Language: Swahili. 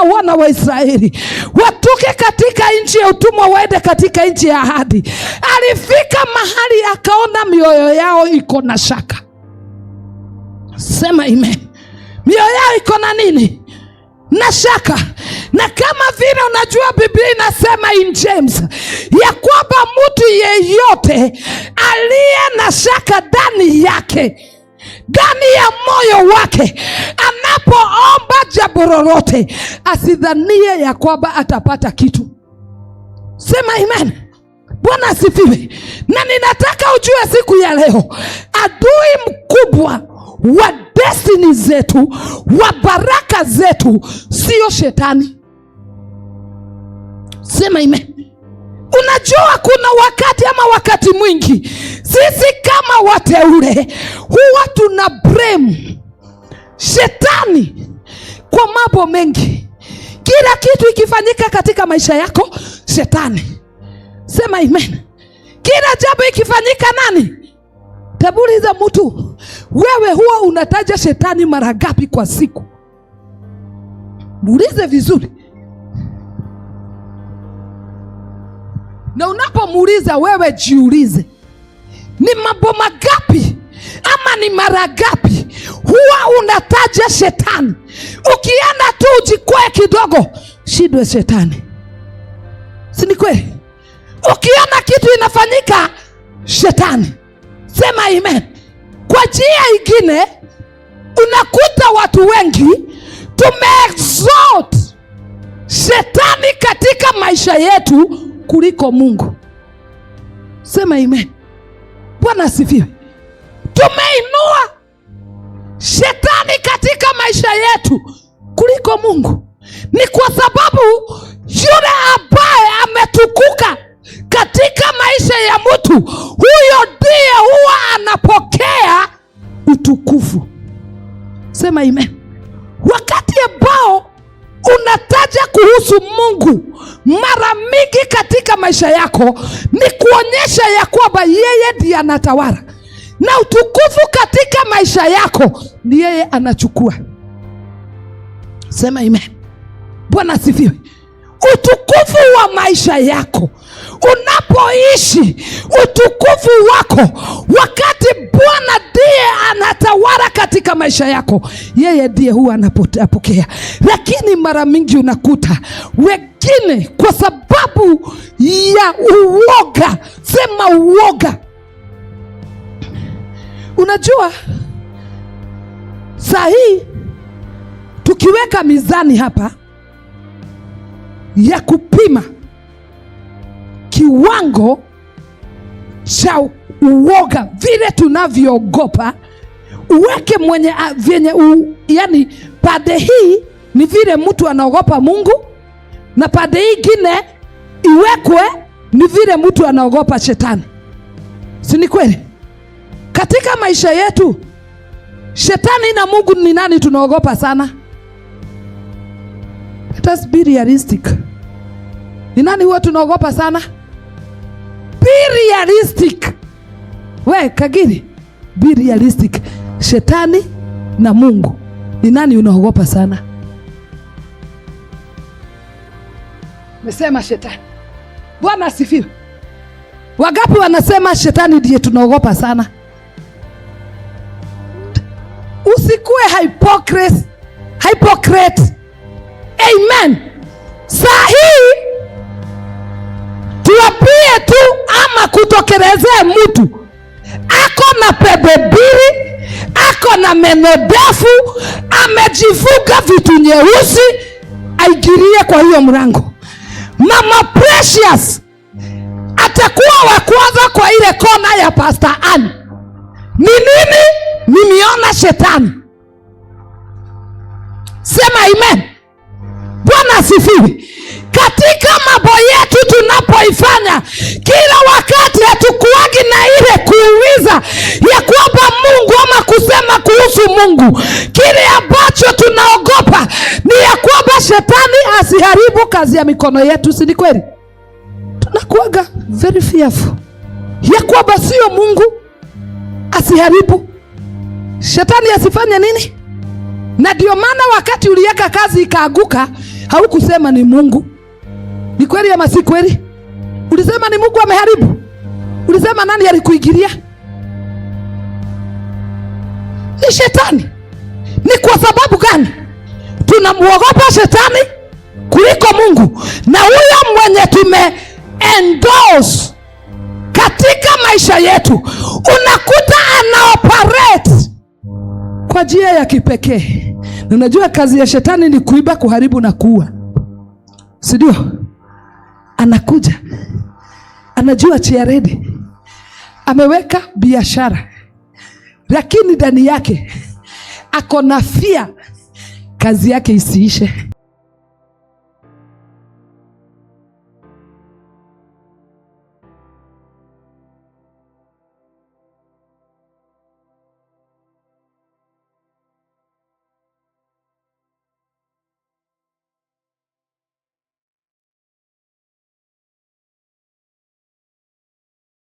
kuwakomboa wana wa Israeli watoke katika nchi ya utumwa waende katika nchi ya ahadi. Alifika mahali akaona mioyo yao iko na shaka. Sema ime mioyo yao iko na nini? Na shaka. Na kama vile unajua, Biblia inasema in James ya kwamba mtu yeyote aliye na shaka ndani yake ndani ya moyo wake, anapoomba jambo lolote asidhanie ya kwamba atapata kitu. Sema amen. Bwana asifiwe. Na ninataka ujue siku ya leo, adui mkubwa wa destini zetu, wa baraka zetu, sio shetani. Sema amen. Unajua, kuna wakati ama wakati mwingi sisi kama wateule huwa tuna blame shetani kwa mambo mengi. Kila kitu ikifanyika katika maisha yako shetani, sema amen. Kila jambo ikifanyika nani? tabuli za mtu, wewe huwa unataja shetani mara ngapi kwa siku? Muulize vizuri. Na unapomuuliza wewe, jiulize ni mambo magapi ama ni mara gapi huwa unataja shetani? Ukienda tu ujikwe kidogo, shidwe shetani, si ni kweli? Ukiona kitu inafanyika shetani, sema amen. Kwa njia ingine, unakuta watu wengi tumeexalt shetani katika maisha yetu kuliko Mungu. Sema amen. Bwana asifiwe. Tumeinua shetani katika maisha yetu kuliko Mungu. Ni kwa sababu yule ambaye ametukuka katika maisha ya mtu huyo, ndiye huwa anapokea utukufu. Sema amen. kuhusu Mungu mara mingi katika maisha yako ni kuonyesha ya kwamba yeye ndiye anatawala na utukufu katika maisha yako ni yeye anachukua. Sema amen. Bwana asifiwe. Utukufu wa maisha yako unapoishi utukufu wako, wakati Bwana anatawala katika maisha yako, yeye ndiye huwa anapokea. Lakini mara mingi unakuta wengine kwa sababu ya uoga, sema uoga. Unajua saa hii tukiweka mizani hapa ya kupima kiwango cha uoga, vile tunavyoogopa uweke mwenye vyenye u, yani pande hii ni vile mtu anaogopa Mungu na pande hii ingine iwekwe ni vile mtu anaogopa shetani, si ni kweli? Katika maisha yetu shetani na Mungu ni nani tunaogopa sana? Let us be realistic. Ni nani huwa tunaogopa sana? Be realistic. We Kagiri, be realistic shetani na Mungu, ni nani unaogopa sana? Mesema shetani. Bwana asifiwe. Wagapi wanasema shetani ndiye tunaogopa sana? Usikuwe hypocrite, hypocrite. Amen. Saa hii tuapie tu ama kutokelezea mtu ako na pepe mbili ako na meno ndefu, amejivuga vitu nyeusi, aingirie kwa hiyo mlango. Mama Precious atakuwa wa kwanza kwa ile kona ya Pastor Ann. Ni nini? Nimiona shetani. Sema amen. Bwana asifiwe. Katika mambo yetu tunapoifanya Kile ambacho tunaogopa ni ya kwamba shetani asiharibu kazi ya mikono yetu, si ni kweli? tunakuaga very fearful ya kwamba sio Mungu asiharibu, shetani asifanye nini. Na ndio maana wakati uliweka kazi ikaanguka, haukusema ni Mungu. Ni kweli ama si kweli? Ulisema ni Mungu ameharibu? Ulisema nani alikuingilia? Ni shetani. Ni kwa sababu gani tunamwogopa shetani kuliko Mungu? Na huyo mwenye tume endorse katika maisha yetu, unakuta anaoparate kwa njia ya kipekee. Na unajua kazi ya shetani ni kuiba, kuharibu na kuua, sindio Anakuja anajua chiaredi ameweka biashara, lakini ndani yake ako na fia kazi yake isiishe.